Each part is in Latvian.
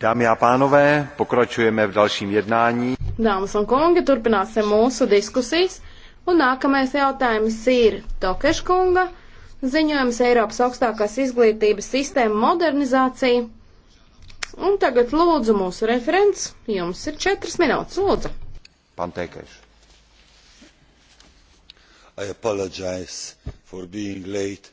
Dámy a pánové, pokračujeme v dalším jednání. Dāmas un kungi, turpināsim mūsu diskusijas. Un nākamais jautājums ir Tokeškunga ziņojums Eiropas augstākās izglītības sistēma modernizācija. Un tagad lūdzu mūsu referents. Jums ir četras minūtes, lūdzu. Pantēkeš. I apologize for being late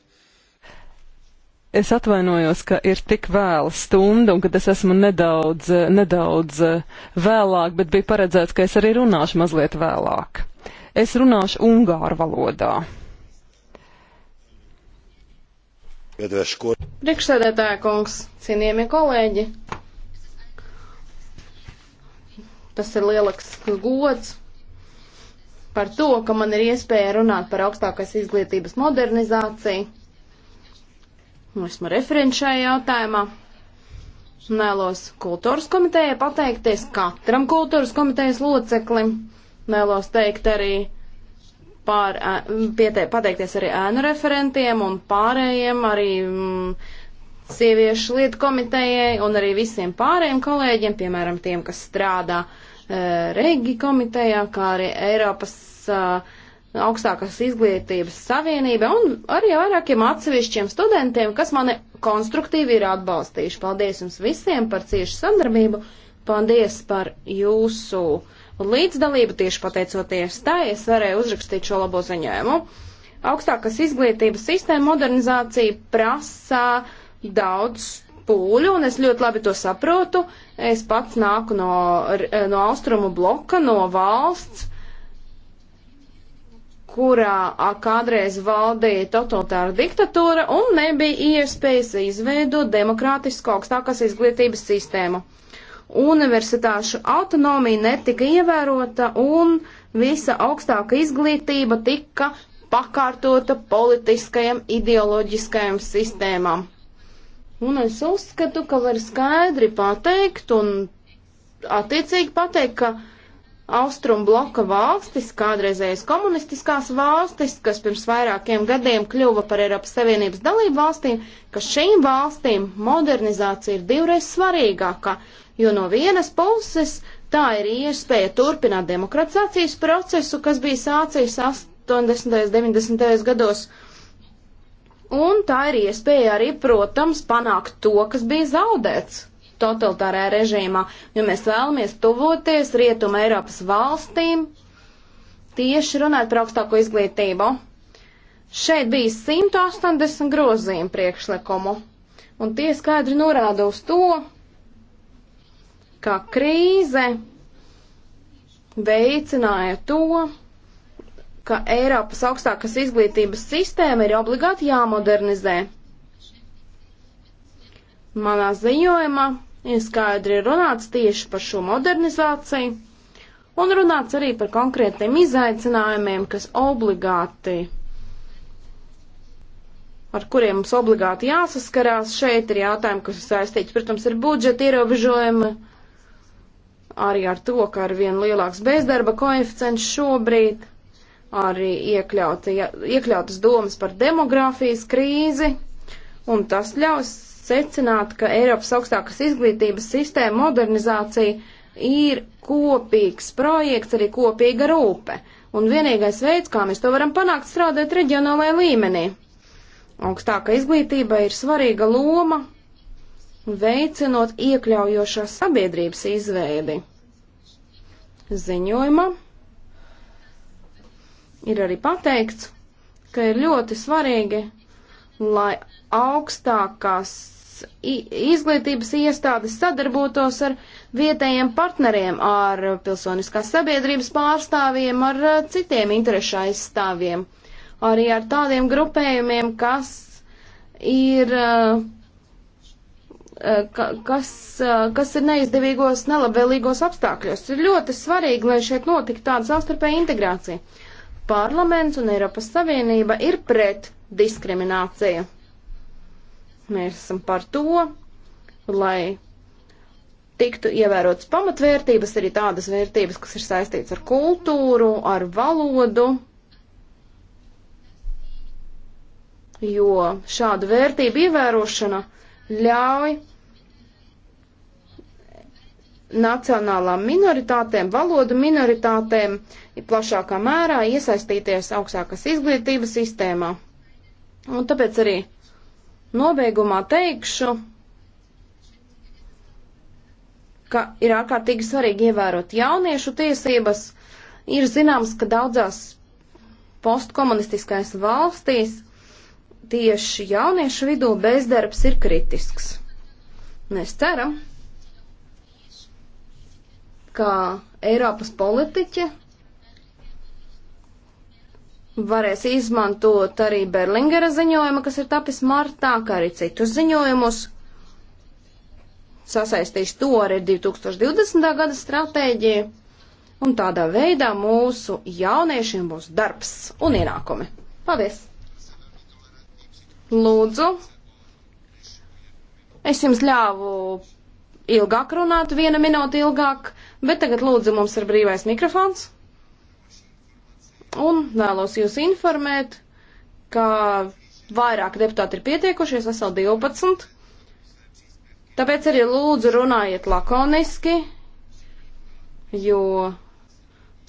Es atvainojos, ka ir tik vēla stunda un ka es esmu nedaudz, nedaudz eh, vēlāk, bet bija paredzēts, ka es arī runāšu mazliet vēlāk. Es runāšu ungāru valodā. Priekšsēdētāja kungs, cienījamie kolēģi, tas ir lielāks gods par to, ka man ir iespēja runāt par augstākās izglītības modernizāciju Nu, esmu referents šajā jautājumā. Nelos kultūras komitejai pateikties katram kultūras komitejas loceklim. Nelos teikt arī pār, eh, piete, pateikties arī ēnu referentiem un pārējiem, arī mm, sieviešu lietu komitejai un arī visiem pārējiem kolēģiem, piemēram, tiem, kas strādā e, Regi komitejā, kā arī Eiropas. Uh, augstākās izglītības savienība un arī vairākiem atsevišķiem studentiem, kas mani konstruktīvi ir atbalstījuši. Paldies jums visiem par ciešu sadarbību, paldies par jūsu līdzdalību, tieši pateicoties tā, es varēju uzrakstīt šo labo ziņojumu. Augstākās izglītības sistēma modernizācija prasa daudz pūļu, un es ļoti labi to saprotu. Es pats nāku no, no austrumu bloka, no valsts, kurā kādreiz valdīja totalitāra diktatūra un nebija iespējas izveidot demokrātisku augstākās izglītības sistēmu. Universitāšu autonomija netika ievērota un visa augstāka izglītība tika pakārtota politiskajam ideoloģiskajam sistēmām. Un es uzskatu, ka var skaidri pateikt un attiecīgi pateikt, ka Austrum bloka valstis, kādreizējas komunistiskās valstis, kas pirms vairākiem gadiem kļuva par Eiropas Savienības dalību valstīm, ka šīm valstīm modernizācija ir divreiz svarīgākā, jo no vienas puses tā ir iespēja turpināt demokratizācijas procesu, kas bija sācies 80. un 90. gados, un tā ir iespēja arī, protams, panākt to, kas bija zaudēts totalitārajā režīmā, jo mēs vēlamies tuvoties Rietuma Eiropas valstīm, tieši runāt par augstāko izglītību. Šeit bija 180 grozījumu priekšlikumu, un tie skaidri norāda uz to, ka krīze veicināja to, ka Eiropas augstākas izglītības sistēma ir obligāti jāmodernizē. Manā ziņojumā ir skaidri runāts tieši par šo modernizāciju un runāts arī par konkrētiem izaicinājumiem, kas obligāti, ar kuriem mums obligāti jāsaskarās. Šeit ir jautājumi, kas ir saistīts, protams, ar budžeta ierobežojumu, arī ar to, ka ar vien lielāks bezdarba koeficients šobrīd, arī iekļauti, iekļautas domas par demografijas krīzi, un tas ļaus secināt, ka Eiropas augstākas izglītības sistēma modernizācija ir kopīgs projekts, arī kopīga rūpe. Un vienīgais veids, kā mēs to varam panākt, strādāt reģionālajā līmenī. Augstāka izglītība ir svarīga loma, veicinot iekļaujošās sabiedrības izveidi. Ziņojumā ir arī pateikts, ka ir ļoti svarīgi, lai augstākās izglītības iestādes sadarbotos ar vietējiem partneriem, ar pilsoniskās sabiedrības pārstāvjiem, ar eh, citiem interešu aizstāvjiem, arī ar tādiem grupējumiem, kas ir, eh, eh, kas, kas ir neizdevīgos, nelabvēlīgos apstākļos. Ir ļoti svarīgi, lai šeit notiktu tāda savstarpēja integrācija. Parlaments un Eiropas Savienība ir pret diskrimināciju. Mēs esam par to, lai tiktu ievērotas pamatvērtības, arī tādas vērtības, kas ir saistītas ar kultūru, ar valodu, jo šāda vērtība ievērošana ļauj nacionālām minoritātēm, valodu minoritātēm plašākā mērā iesaistīties augstākas izglītības sistēmā. Un tāpēc arī Nobeigumā teikšu, ka ir ārkārtīgi svarīgi ievērot jauniešu tiesības. Ir zināms, ka daudzās postkomunistiskais valstīs tieši jauniešu vidū bezdarbs ir kritisks. Mēs ceram, ka Eiropas politiķi varēs izmantot arī Berlingera ziņojumu, kas ir tapis martā, kā arī citus ziņojumus. Sasaistīšu to arī 2020. gada stratēģiju, un tādā veidā mūsu jauniešiem būs darbs un ienākumi. Paldies! Lūdzu, es jums ļāvu ilgāk runāt, viena minūte ilgāk, bet tagad lūdzu mums ir brīvais mikrofons. Un vēlos jūs informēt, ka vairāk deputāti ir pieteikušies, esam 12. Tāpēc arī lūdzu runājiet lakoniski, jo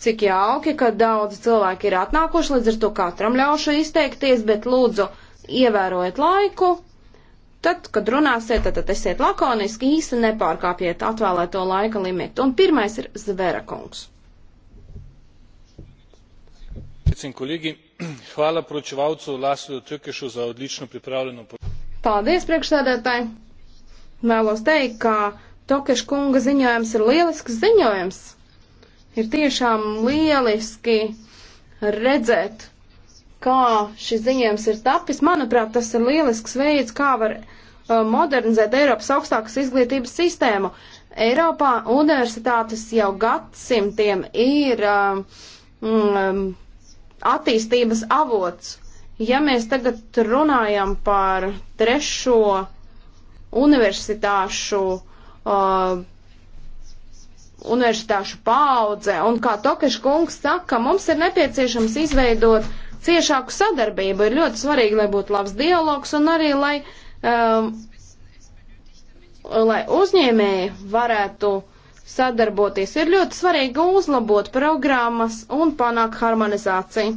cik jauki, ka daudz cilvēki ir atnākuši, līdz ar to katram ļaušu izteikties, bet lūdzu ievērojiet laiku. Tad, kad runāsiet, tad, tad esiet lakoniski, īsti nepārkāpiet atvēlēto laika limitu. Un pirmais ir Zverakungs kolegice in kolegi hvala poročevalcu laslu tkešu za odlično pripravljeno poročilo. Paldies, priekšsēdētāji! Vēlos teikt, ka Tokeš kunga ziņojums ir lielisks ziņojums. Ir tiešām lieliski redzēt, kā šis ziņojums ir tapis. Manuprāt, tas ir lielisks veids, kā var uh, modernizēt Eiropas augstākas izglītības sistēmu. Eiropā universitātes jau gadsimtiem ir uh, mm, um, um, attīstības avots. Ja mēs tagad runājam par trešo universitāšu, uh, universitāšu paudze, un kā Tokeš kungs saka, mums ir nepieciešams izveidot ciešāku sadarbību. Ir ļoti svarīgi, lai būtu labs dialogs un arī, lai, um, lai uzņēmēji varētu uh, sadarboties. Ir ļoti svarīgi uzlabot programmas un panākt harmonizāciju.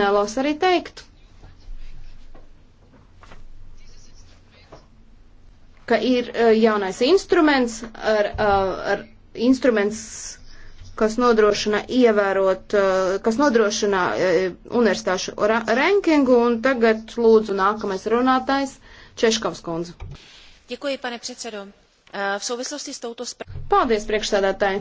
Nelos arī teikt, ka ir e, jaunais instruments, ar, e, ar instruments, kas nodrošina ievērot, e, kas nodrošina universitāšu rankingu, un tagad lūdzu nākamais runātājs Češkovs kundze. Děkuji, pane předsedo. Eh, v souvislosti s touto správou. Paldies, priekšsēdētāji!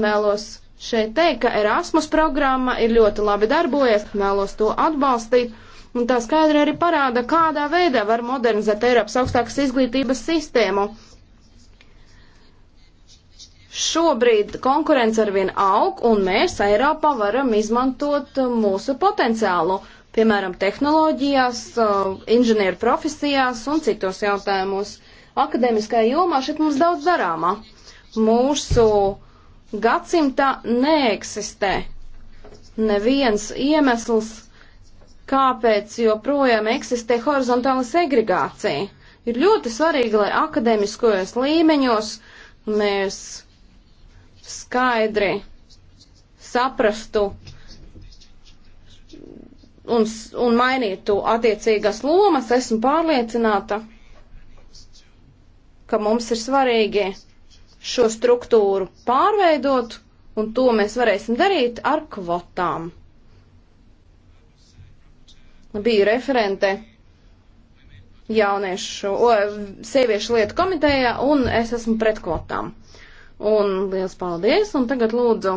Vēlos šeit teikt, ka Erasmus programma ir ļoti labi darbojies, vēlos to atbalstīt. Un tā skaidri arī parāda, kādā veidā var modernizēt Eiropas augstākas izglītības sistēmu. Šobrīd konkurence arvien aug, un mēs Eiropā varam izmantot eh, mūsu potenciālu, piemēram, tehnoloģijās, eh, inženieru profesijās un citos jautājumos akadēmiskajā jomā šeit mums daudz darāmā. Mūsu gadsimtā neeksistē neviens iemesls, kāpēc joprojām eksistē horizontāla segregācija. Ir ļoti svarīgi, lai akadēmiskajos līmeņos mēs skaidri saprastu un, un mainītu attiecīgās lomas, esmu pārliecināta, ka mums ir svarīgi šo struktūru pārveidot, un to mēs varēsim darīt ar kvotām. Biju referente jauniešu, o, sieviešu lietu komitejā, un es esmu pret kvotām. Un liels paldies, un tagad lūdzu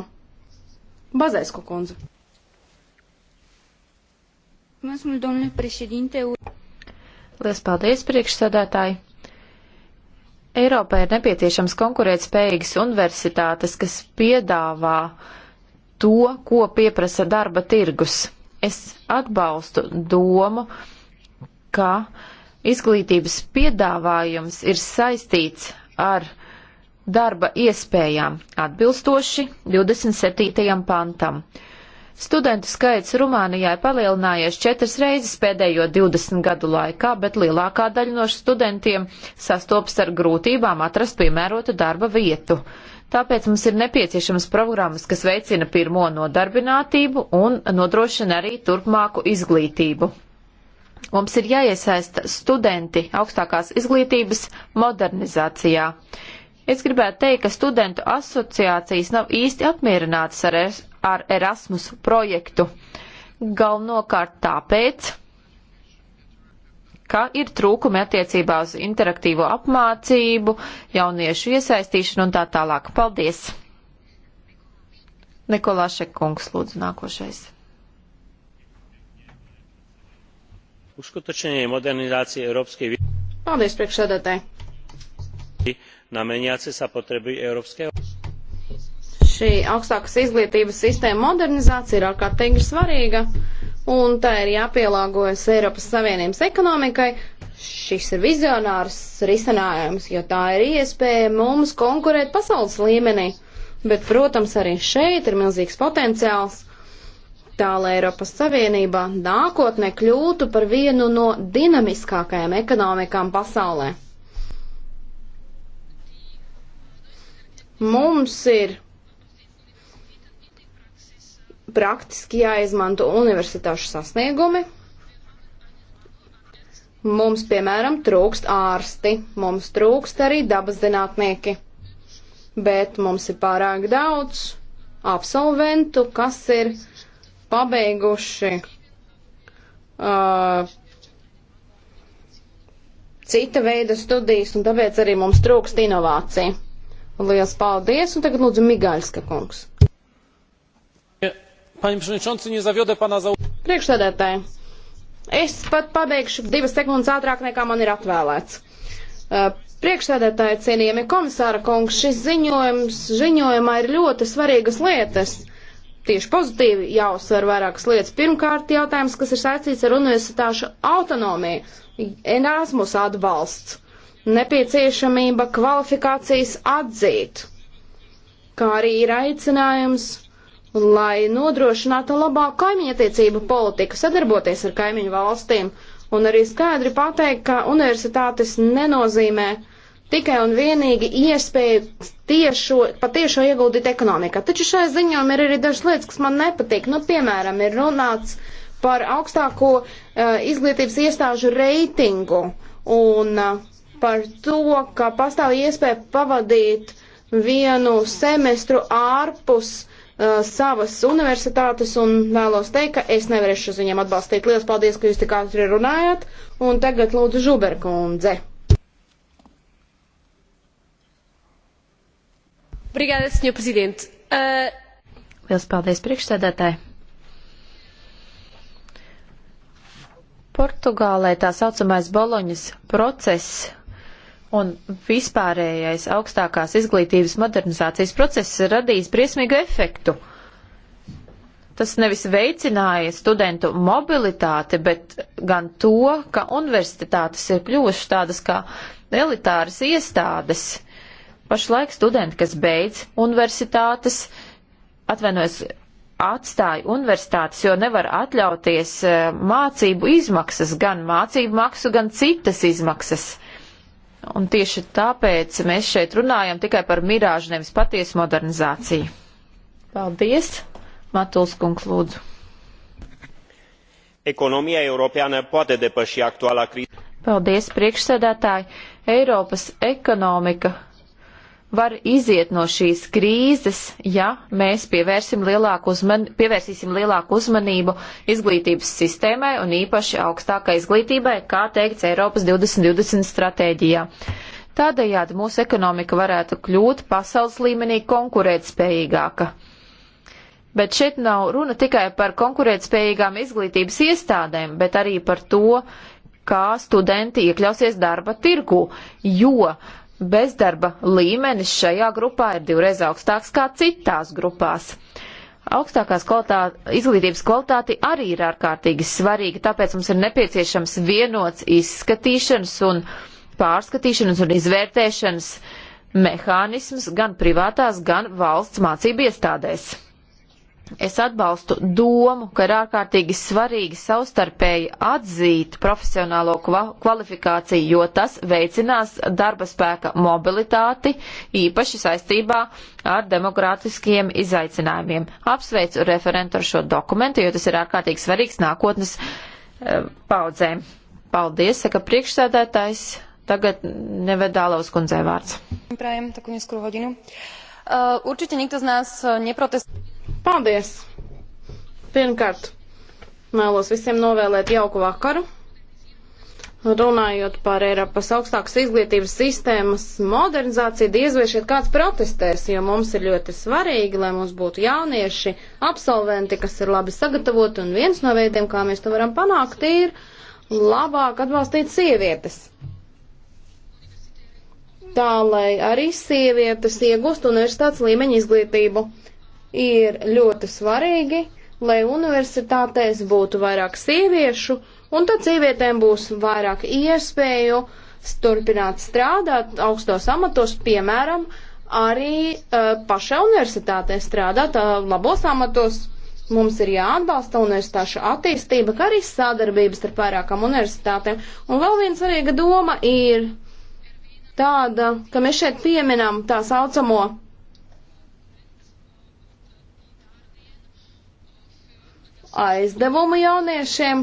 Bazēsku kundzu. Liels paldies, priekšsēdētāji! Eiropai ir nepieciešams konkurētspējīgas universitātes, kas piedāvā to, ko pieprasa darba tirgus. Es atbalstu domu, ka izglītības piedāvājums ir saistīts ar darba iespējām atbilstoši 27. pantam. Studentu skaits Rumānijā ir palielinājies četras reizes pēdējo 20 gadu laikā, bet lielākā daļa no studentiem sastopas ar grūtībām atrast piemērotu darba vietu. Tāpēc mums ir nepieciešamas programmas, kas veicina pirmo nodarbinātību un nodrošina arī turpmāku izglītību. Mums ir jāiesaista studenti augstākās izglītības modernizācijā. Es gribētu teikt, ka studentu asociācijas nav īsti apmierinātas ar es, ar Erasmus projektu. Galvenokārt tāpēc, ka ir trūkumi attiecībā uz interaktīvo apmācību, jauniešu iesaistīšanu un tā tālāk. Paldies! Nikolāšek kungs, lūdzu, nākošais. Uskutočenie modernizácie Európskej Paldies, priekšsēdētāji. Na meniace sa potreby Európskej šī augstākas izglītības sistēma modernizācija ir ārkārtīgi svarīga, un tā ir jāpielāgojas Eiropas Savienības ekonomikai. Šis ir vizionārs risinājums, jo tā ir iespēja mums konkurēt pasaules līmenī. Bet, protams, arī šeit ir milzīgs potenciāls tā, lai Eiropas Savienība nākotnē kļūtu par vienu no dinamiskākajām ekonomikām pasaulē. Mums ir praktiski jāizmanto universitāšu sasniegumi. Mums, piemēram, trūkst ārsti, mums trūkst arī dabas zinātnieki, bet mums ir pārāk daudz absolventu, kas ir pabeiguši uh, cita veida studijas, un tāpēc arī mums trūkst inovācija. Lielas paldies, un tagad lūdzu Migāļska kungs. Priekšsēdētāji, es pat pabeigšu divas sekundes ātrāk, nekā man ir atvēlēts. Priekšsēdētāji, cienījami komisāra kungs, šis ziņojums, ziņojumā ir ļoti svarīgas lietas tieši pozitīvi jāuzsver vairākas lietas. Pirmkārt, jautājums, kas ir saistīts ar universitāšu autonomiju, Erasmus atbalsts, nepieciešamība kvalifikācijas atzīt, kā arī ir aicinājums lai nodrošinātu labāku kaimiņattiecību politiku, sadarboties ar kaimiņu valstīm un arī skaidri pateikt, ka universitātes nenozīmē tikai un vienīgi iespēju tiešo, patiešo ieguldīt ekonomikā. Taču šai ziņām ir arī dažas lietas, kas man nepatīk. Nu, piemēram, ir runāts par augstāko uh, izglītības iestāžu reitingu un uh, par to, ka pastāv iespēja pavadīt vienu semestru ārpus uh, uh, savas universitātes un vēlos teikt, ka es nevarēšu viņiem atbalstīt. Lielas paldies, ka jūs tik ātri runājāt. Un tagad lūdzu Žuberkundze. Brigādes, senjor prezident. Uh... Lielas paldies priekšsēdētāji. Portugālē tā saucamais Boloņas process un vispārējais augstākās izglītības modernizācijas process ir radījis briesmīgu efektu. Tas nevis veicināja studentu mobilitāti, bet gan to, ka universitātes ir kļuvušas tādas kā elitāras iestādes. Pašlaik studenti, kas beidz universitātes, atvainojas, atstāja universitātes, jo nevar atļauties eh, mācību izmaksas, gan mācību maksu, gan citas izmaksas. Un tieši tāpēc mēs šeit runājam tikai par mirāžu, nevis patiesu modernizāciju. Paldies! Matuls kungs lūdzu. Ekonomija Eiropiāna poate depăși actuālā krīze. Paldies, priekšsēdētāji! Eiropas ekonomika var iziet no šīs krīzes, ja mēs pievērsim lielāku uzman, pievērsīsim lielāku uzmanību izglītības sistēmai un īpaši augstākai izglītībai, kā teikts Eiropas 2020 stratēģijā. Tādējādi mūsu ekonomika varētu kļūt pasaules līmenī konkurētspējīgāka. Bet šeit nav runa tikai par konkurētspējīgām izglītības iestādēm, bet arī par to, kā studenti iekļausies darba tirgu, jo uh, bezdarba līmenis šajā grupā ir divreiz augstāks kā citās grupās. Augstākās kvalitā, izglītības kvalitāte arī ir ārkārtīgi svarīga, tāpēc mums ir nepieciešams vienots izskatīšanas un pārskatīšanas un izvērtēšanas mehānisms gan privātās, gan valsts mācību iestādēs. Es atbalstu domu, ka ir ārkārtīgi svarīgi savstarpēji atzīt profesionālo kvalifikāciju, jo tas veicinās darba spēka mobilitāti, īpaši saistībā ar demokrātiskiem izaicinājumiem. Apsveicu referentu ar šo dokumentu, jo tas ir ārkārtīgi svarīgs nākotnes uh, e, paudzēm. Paldies, saka priekšsēdētājs. Tagad nevedālaus kundzei vārds. E, určite nikto z nás e, neprotestuje. Paldies! Pirmkārt, vēlos visiem novēlēt jauku vakaru. Runājot par Eiropas augstākas izglītības sistēmas modernizāciju, diez vai šeit kāds protestēs, jo mums ir ļoti svarīgi, lai mums būtu jaunieši, absolventi, kas ir labi sagatavoti, un viens no veidiem, kā mēs to varam panākt, ir labāk atbalstīt sievietes. Tā, lai arī sievietes iegūst universitātes līmeņa izglītību ir ļoti svarīgi, lai universitātēs būtu vairāk sieviešu, un tad sievietēm būs vairāk iespēju turpināt strādāt augstos amatos, piemēram, arī uh, eh, pašā universitātē strādāt uh, labos amatos. Mums ir jāatbalsta universitāšu attīstība, kā arī sadarbības ar vairākām universitātēm. Un vēl viena svarīga doma ir tāda, ka mēs šeit pieminam tā saucamo aizdevumi jauniešiem.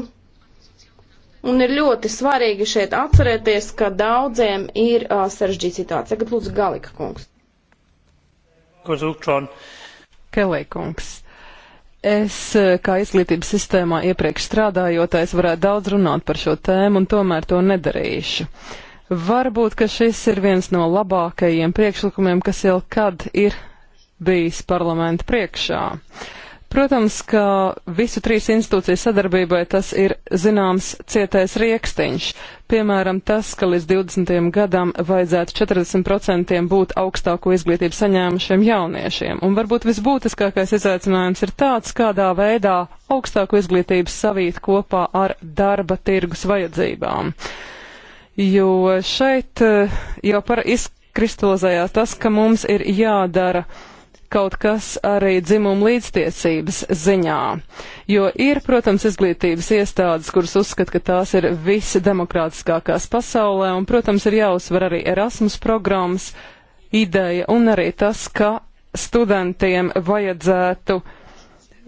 Un ir ļoti svarīgi šeit atcerēties, ka daudziem ir uh, sarežģīta situācija. Tagad lūdzu Galika kungs. Kelī kungs. Es, kā izglītības sistēmā iepriekš strādājotais, varētu daudz runāt par šo tēmu un tomēr to nedarīšu. Varbūt, ka šis ir viens no labākajiem priekšlikumiem, kas jau kad ir bijis parlamenta priekšā. Uh, Protams, ka visu trīs institūciju sadarbībai tas ir zināms cietais riekstiņš. Piemēram, tas, ka līdz 20. gadam vajadzētu 40% būt augstāko izglītību saņēmušiem jauniešiem. Un varbūt visbūtiskākais izaicinājums ir tāds, kādā veidā augstāko izglītību savīt kopā ar darba tirgus vajadzībām. Jo šeit eh, jau par izkristalizējās tas, ka mums ir jādara kaut kas arī dzimuma līdztiesības ziņā. Jo ir, protams, izglītības iestādes, kuras uzskata, ka tās ir visdemokrātiskākās pasaulē, un, protams, ir jāuzsver arī Erasmus programmas ideja un arī tas, ka studentiem vajadzētu uh,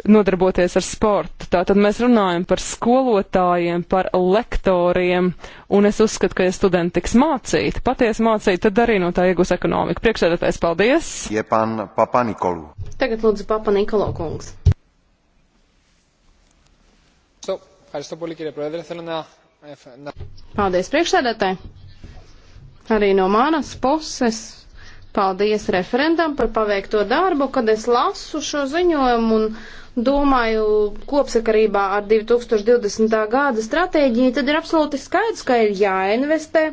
nodarboties ar sportu. Tātad mēs runājam par skolotājiem, par lektoriem, un es uzskatu, ka ja studenti tiks mācīti, patiesi mācīti, tad arī no tā iegūs ekonomika. Priekšsēdētājs, paldies! Jepan Papa Nikolu. Tagad lūdzu Papa Nikolo kungs. So, eh, Paldies priekšsēdētāji! Arī no manas puses paldies referendam par paveikto darbu, kad es lasu šo ziņojumu un domāju, kopsakarībā ar 2020. gada stratēģiju, tad ir absolūti skaidrs, ka ir jāinvestē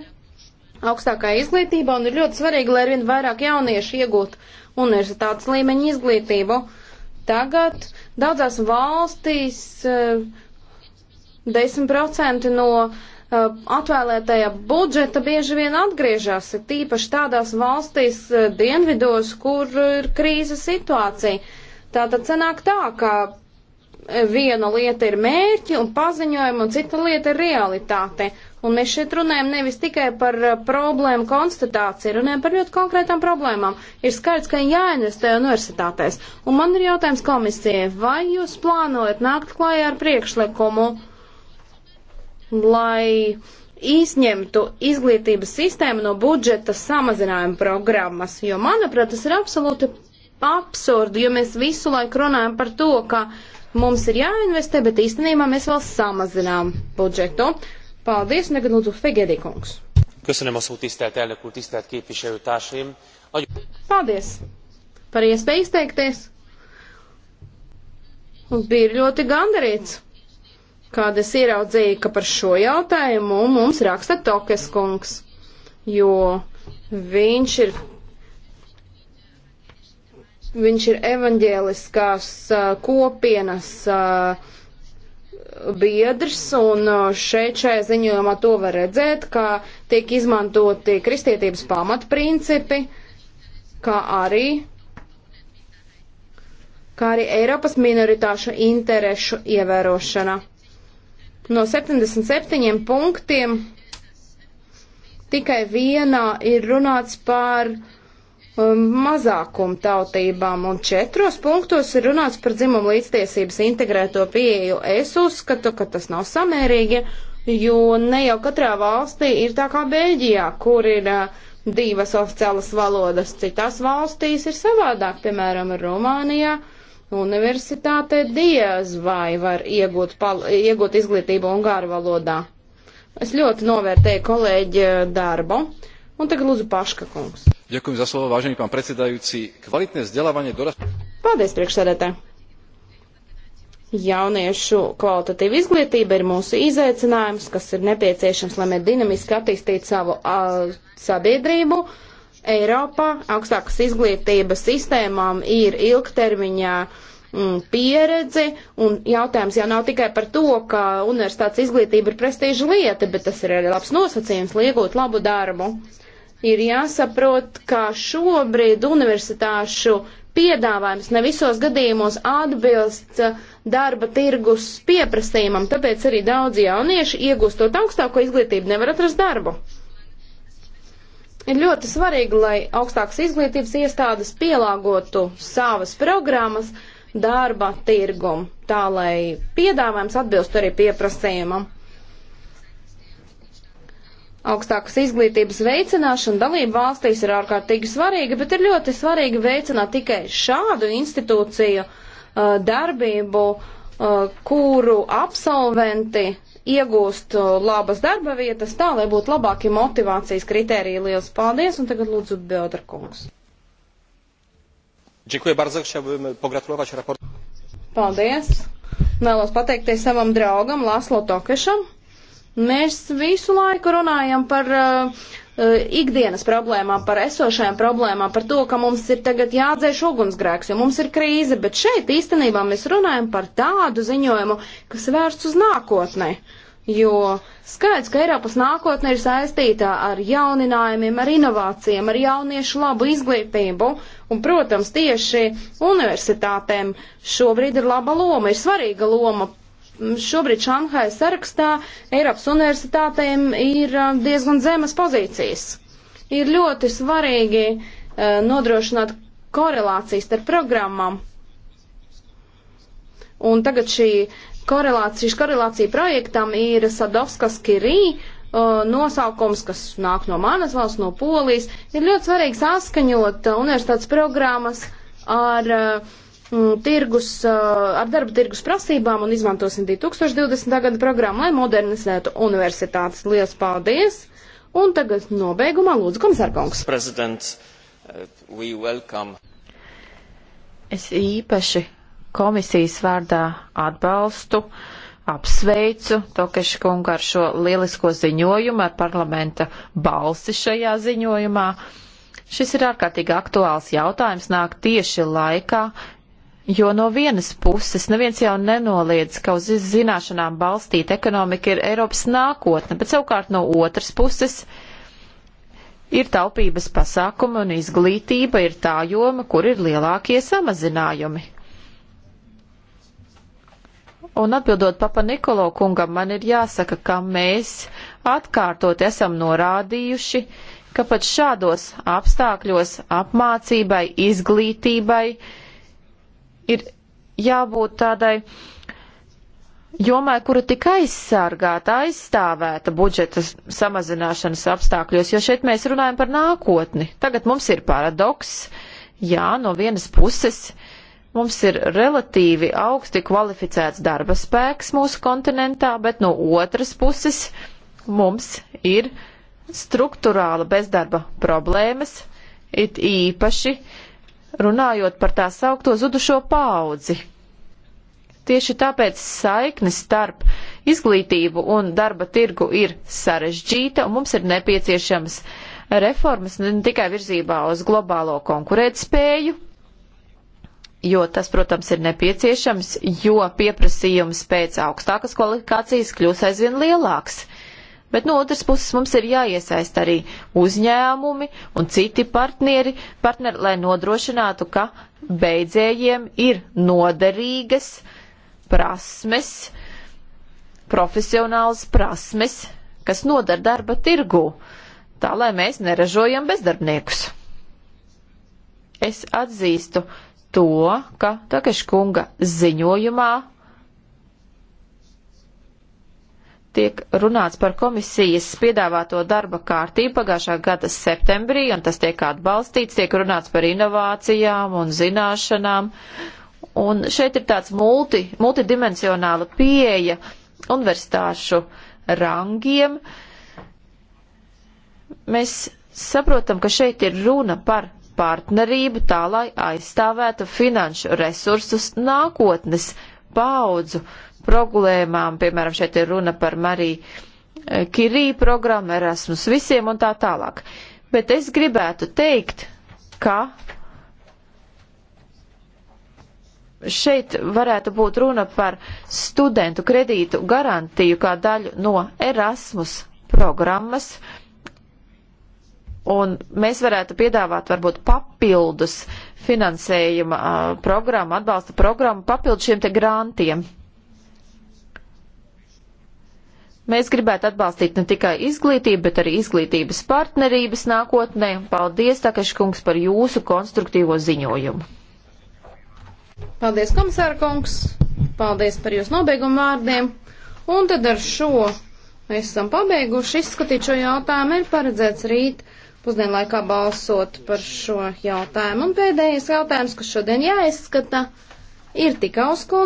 augstākā izglītībā un ir ļoti svarīgi, lai arvien vairāk jaunieši iegūtu universitātes līmeņa izglītību. Tagad daudzās valstīs 10% eh, no eh, atvēlētajā budžeta bieži vien atgriežas, tīpaši tādās valstīs eh, dienvidos, kur ir krīzes situācija. Tātad sanāk tā, ka viena lieta ir mērķi un paziņojumi, un cita lieta ir realitāte. Un mēs šeit runājam nevis tikai par eh, problēmu konstatāciju, runājam par ļoti konkrētām problēmām. Ir skaidrs, ka jāinvestē universitātēs. Un man ir jautājums komisijai, vai jūs plānojat nākt klājā ar priekšlikumu, lai izņemtu izglītības sistēmu no budžeta samazinājuma programmas, jo, manuprāt, tas ir absolūti absurdu, jo mēs visu laiku runājam par to, ka mums ir jāinvestē, bet īstenībā mēs vēl samazinām budžetu. Paldies, un tagad lūdzu Fegedikungs. Köszönöm a szót, tisztelt elnök úr, tisztelt képviselőtársaim. Agy... Paldies par iespēju izteikties. Un bija ļoti gandarīts, kad es ieraudzīju, ka par šo jautājumu mums raksta Tokes kungs, jo viņš ir Viņš ir evaņģēliskās kopienas biedrs, un šeit šajā ziņojumā to var redzēt, ka tiek izmantoti kristietības pamatprincipi, kā arī, kā arī Eiropas minoritāšu interešu ievērošana. No 77 punktiem tikai vienā ir runāts par uh, Um, mazākumu tautībām, un četros punktos ir runāts par dzimumu līdztiesības integrēto pieeju. Es uzskatu, ka tas nav samērīgi, jo ne jau katrā valstī ir tā kā Bēģijā, kur ir uh, divas oficiālas valodas, citās valstīs ir savādāk, piemēram, Rumānijā. Universitāte Diez vai var iegūt, pal, iegūt izglītību ungāru valodā. Es ļoti novērtēju kolēģi uh, darbu, un tagad lūdzu Paška kungs kvalitné vzdelávanie Paldies, priekšsēdētāj! Jauniešu kvalitatīva izglītība ir mūsu izaicinājums, kas ir nepieciešams, lai mēs dinamiski attīstītu savu uh, sabiedrību. Eiropā augstākas izglītības sistēmām ir ilgtermiņā mm, pieredze, un jautājums jau nav tikai par to, ka universitātes izglītība ir prestīža lieta, bet tas ir arī labs nosacījums, lai iegūtu labu darbu ir jāsaprot, ka šobrīd universitāšu piedāvājums ne visos gadījumos atbilst darba tirgus pieprasījumam, tāpēc arī daudz jaunieši iegūstot augstāko izglītību nevar atrast darbu. Ir ļoti svarīgi, lai augstākas izglītības iestādes pielāgotu savas programmas darba tirgumu, tā lai piedāvājums atbilstu arī pieprasījumam. Augstākas izglītības veicināšana dalību valstīs ir ārkārtīgi svarīga, bet ir ļoti svarīgi veicināt tikai šādu institūciju uh, darbību, uh, kuru absolventi iegūst uh, labas darba vietas, tā lai būtu labāki motivācijas kritēriji. Lielas paldies, un tagad lūdzu Biodra kungs. Dziękuję bardzo, chciałbym pogratulować raportu. Paldies! Vēlos pateikties savam draugam Laslo Tokešam Mēs visu laiku runājam par uh, uh, ikdienas problēmām, par esošajām problēmām, par to, ka mums ir tagad jādzēš ugunsgrēks, jo mums ir krīze, bet šeit īstenībā mēs runājam par tādu ziņojumu, kas vērsts uz nākotnē. Jo skaidrs, ka Eiropas nākotne ir saistītā ar jauninājumiem, ar inovācijām, ar jauniešu labu izglītību, un, protams, tieši universitātēm šobrīd ir laba loma, ir svarīga loma šobrīd Šanhai sarakstā Eiropas universitātēm ir uh, diezgan zemas pozīcijas. Ir ļoti svarīgi uh, nodrošināt korelācijas ar programmām. Un tagad šī korelācija, šī korelācija projektam ir Sadovskas Kirī uh, nosaukums, kas nāk no manas valsts, no Polijas. Ir ļoti svarīgi saskaņot universitātes programmas ar uh, Mm, tirgus, ar darba tirgus prasībām un izmantosim 2020. gada programmu, lai modernizētu universitātes. Lielas paldies! Un tagad nobeigumā lūdzu komisārkungs. Uh, es īpaši komisijas vārdā atbalstu, apsveicu Tokešu kungu ar šo lielisko ziņojumu, ar parlamenta balsi šajā ziņojumā. Šis ir ārkārtīgi aktuāls jautājums, nāk tieši laikā, Jo no vienas puses neviens jau nenoliedz, ka uz zināšanām balstīta ekonomika ir Eiropas nākotne, bet savukārt no otras puses ir taupības pasākumi un izglītība ir tā joma, kur ir lielākie samazinājumi. Un atbildot papa Nikolo kungam, man ir jāsaka, ka mēs atkārtot esam norādījuši, ka pat šādos apstākļos apmācībai, izglītībai, ir jābūt tādai jomai, kura tika aizsargāta, aizstāvēta budžeta samazināšanas apstākļos, jo šeit mēs runājam par nākotni. Tagad mums ir paradoks, jā, no vienas puses mums ir relatīvi augsti kvalificēts darba spēks mūsu kontinentā, bet no otras puses mums ir struktūrāla bezdarba problēmas, it īpaši uh, runājot par tā saukto zudušo paudzi. Tieši tāpēc saikne starp izglītību un darba tirgu ir sarežģīta, un mums ir nepieciešamas reformas ne tikai virzībā uz globālo konkurētspēju, jo tas, protams, ir nepieciešams, jo pieprasījums pēc augstākas kvalifikācijas kļūs aizvien lielāks. Bet no otras puses mums ir jāiesaist arī uzņēmumi un citi partneri, partneri lai nodrošinātu, ka beidzējiem ir noderīgas prasmes, profesionāls prasmes, kas nodara darba tirgū, tā lai mēs neražojam bezdarbniekus. Es atzīstu to, ka Takeškunga ziņojumā tiek runāts par komisijas piedāvāto darba kārtību pagājušā gada septembrī, un tas tiek atbalstīts, tiek runāts par inovācijām un zināšanām. Un šeit ir tāds multi, multidimensionāla pieeja universitāšu rangiem. Mēs saprotam, ka šeit ir runa par partnerību tā, lai aizstāvētu finanšu resursus nākotnes paudzu problēmām, piemēram, šeit ir runa par Mariju eh, Kirī programmu, Erasmus visiem un tā tālāk. Bet es gribētu teikt, ka šeit varētu būt runa par studentu kredītu garantiju kā daļu no Erasmus programmas. Un mēs varētu piedāvāt varbūt papildus finansējuma uh, programmu, atbalsta programmu papildus šiem te grantiem. Mēs gribētu atbalstīt ne tikai izglītību, bet arī izglītības partnerības nākotnē. Paldies, Takaškungs, par jūsu konstruktīvo ziņojumu. Paldies, komisāra kungs! Paldies par jūsu nobeigumu vārdiem! Un tad ar šo mēs esam pabeiguši izskatīt šo jautājumu. Ir paredzēts rīt pusdienlaikā balsot par šo jautājumu. Un pēdējais jautājums, kas šodien jāizskata, ir tik auskums.